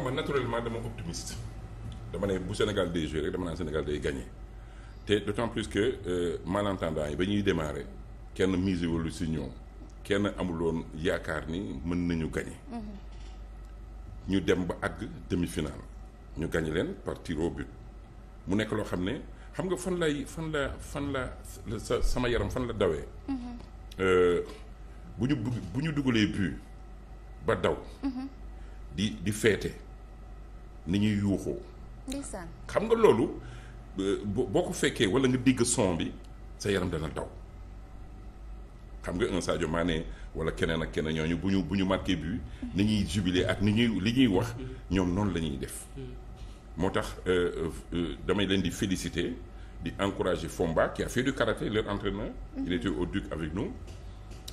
que man naturellement dama optimiste dama ne bu Sénégal day joué rek Sénégal day gagné te d' autant plus que euh, malentendants yi ba ñuy démarrer kenn mise wala si ñoom kenn amuloon yaakaar ni mën nañu gagné. Mm-hmm. ñu dem ba àgg demi-finale ñu gagné leen par tir au but mu nekk loo xam ne xam nga fan lay fan la fan la sama yaram fan la dawee. Mm-hmm. Euh, bu ñu bu ñu dugalee but ba daw. Mm-hmm. di di feete. ni ñuy yuuxoo. ndeysaan xam nga loolu euh, boo ko fekkee wala nga digg son bi sa yaram dana daw xam nga un Sadio Mané wala keneen ak keneen ñooñu bu ñu bu ñu marqué but ni ñuy jubilé ak ni ñuy li ñuy wax ñoom noonu la ñuy def. moo tax euh, euh, damay leen di féliciter di encourager Fomba qui a fait du karaté leur entraîneur. Mm-hmm. il était au Duc avec nous.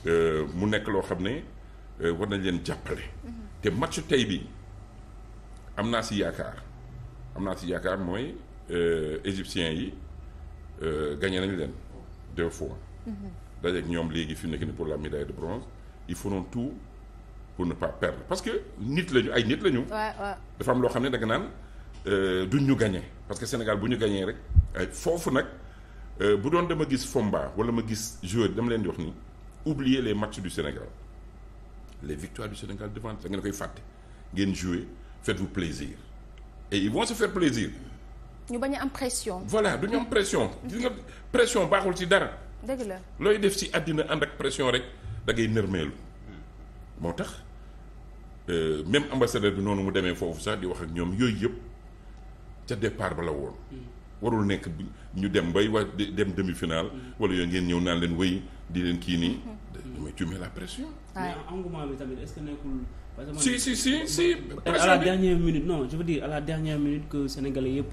mu nekk loo xam ne war nañ leen jàppale. Mm-hmm. te match tey bi. am naa si yaakaar am naa si yaakaar mooy euh, égyptiens yi euh, gagné nañu leen deux fois. Mhm. ñoom léegi fi mu nekk ni pour la médaille de bronze ils feront tout pour ne pas perdre parce que nit lañu ay nit lañu. dafa am loo xam ne da nga naan euh, duñ ñu gagné parce que Sénégal bu ñu gagné rek ay foofu nag bu doon dama gis Fomba wala ma gis joueur dama leen di wax ni oublier les matchs du Sénégal les victoires du Sénégal devant da ngeen koy fàtte ngeen jouer. faites-vous plaisir et ils vont se faire plaisir. ñu bañ a am pression. voilà du ñu am pression. gis nga pression baaxul ci dara. dëgg la looy def ci àddina ànd ak pression rek da ngay nërmeelu moo tax euh, même ambassadeur bi noonu mu demee foofu sax di wax ak ñoom yooyu yëpp ca départ ba la woon. warul nekk ñu dem bay wax dem demi-finale. wala yooyu ngeen ñëw naan leen wéy di leen kii nii. Mm-hmm. mais tu la pression. mais engouement bi tamit est que nekkul. si si si si. à la dernière minute non je veux dire à la dernière minute que sénégalais yëpp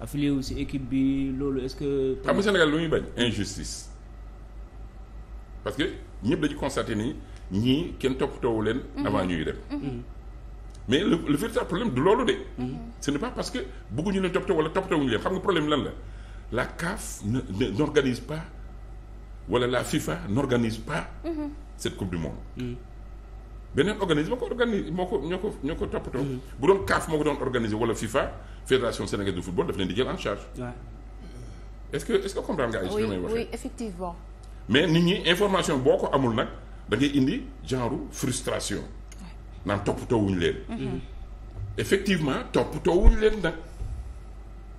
affilié wu équipe bi loolu est-ce que. xam nga Sénégal lu muy bañ injustice parce que ñëpp dañu constaté ni ñii kenn toppatoowu leen. Mhm. avant ñuy dem. Mhm. Mhm. mais le le véritable problème du loolu de. ce n'est pas parce que bëgguñu leen toppatoo wala toppatoowuñu leen xam nga problème lan la la CAF ne n'organise pas wala la FIFA n'organise pas. cette coupe du monde. beneen organisme moo ko organise moo ko ñoo ko ñoo ko mm-hmm. bu doon CAF moo ko doon organiser wala FIFA fédération sénégalaise de football daf leen di jël en charge. waaw est-ce que est-ce que comprendre nga. ay oui oui effectivement. mais nit ñi information boo ko amul nag da indi genre frustration naan toppatoo wuñu leen. Mm-hmm. Mm-hmm. effectivement toppatoo wuñu leen nag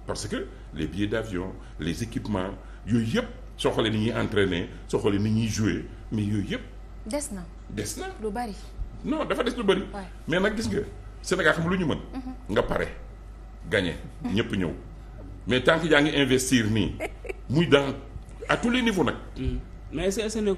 parce que les billets d'avion les équipements yooyu yëpp soo xoolee ni ñuy entraîner soo xoolee ni ñuy jouer mais yooyu yëpp. des na des na lu non dafa des lu bëri. mais nag gis nga Sénégal xam lu ñu mën. Mhm. nga pare gagné ñëpp ñëw mais tant jaa ngi investir nii muy dans à tous les niveaux nag. Mm. mais est-ce